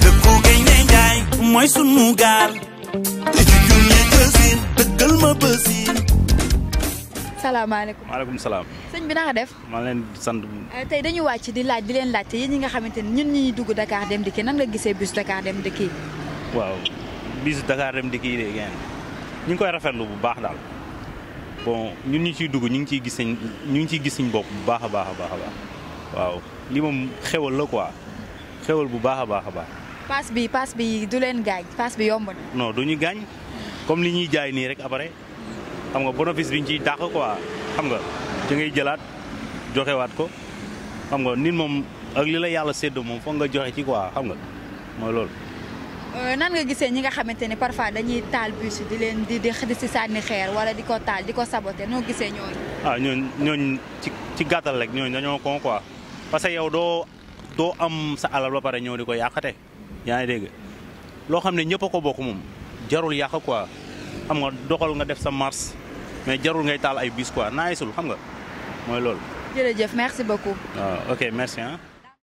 dëkku gay mooy sunu gaal li fi jógee bësin dëggal bësin salaamaaleykum maaleykum salaam sëñ bi na def maa leen di sant euh, tey dañu wàcc di laaj di leen laajte yi ñi nga xamante ni ñun ñi dugg Dakar dem dikki nan nga gisee bus Dakar dem dikki waaw bus dakaar dem dikki de ngeen ñu ngi koy rafetlu bu baax daal bon ñun ñu ciy dugg ñu ngi ciy gis ñu ngi ciy gis suñ bopp bu baax a baax a baax a baax waaw li moom xewal la quoi xewal bu baax a baax a baax. paas bi paas bi du leen gaañ paas bi yomb na. non du ñu gaañ comme li ñuy jaay nii rek après xam nga bénéfice bi ñu ciy dàq quoi xam nga ci ngay jëlaat joxewaat ko xam nga nit moom ak li la yàlla sédd moom foog nga joxe ci quoi xam nga mooy loolu. Euh, nan nga gisee ñi nga xamante ne parfois dañuy taal bus di leen di di si sànni xeer wala di ko taal di ko saboté noo gisee ñoo ah ñooñ ci ci gàttal rek ñooñ dañoo kon quoi parce que doo. doo am sa alal ba pare ñëw di ko yàqate yaa ngi dégg loo xam ne ñëpp ko bokk moom jarul yàq quoi xam nga doxal nga def sa mars mais jarul ngay taal ay bis quoi naay sul xam nga mooy loolu. jërëjëf merci beaucoup. waaw ok merci hein